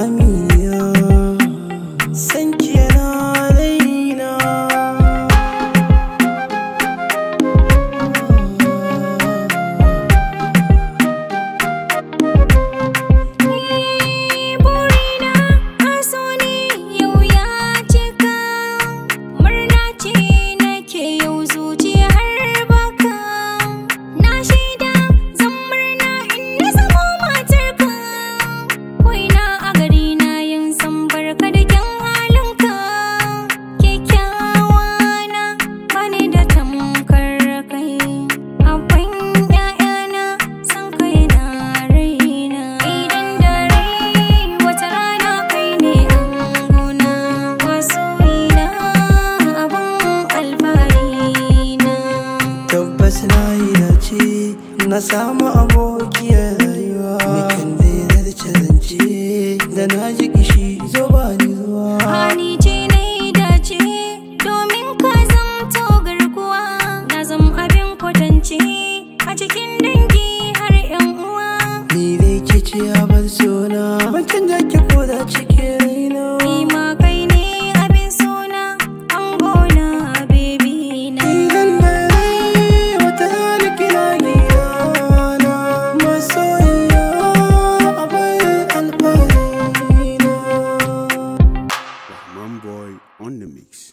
Amin wasu layi da ce na samu abokiyar rayuwa nikan daina da zance da na ji kishi zo ba ni zuwa hani ce na yi dace domin ka togar kuwa. na zam abin kwatance a cikin dangi har yan uwa ni dai ke ce a bar sona wancan da ke on the mix.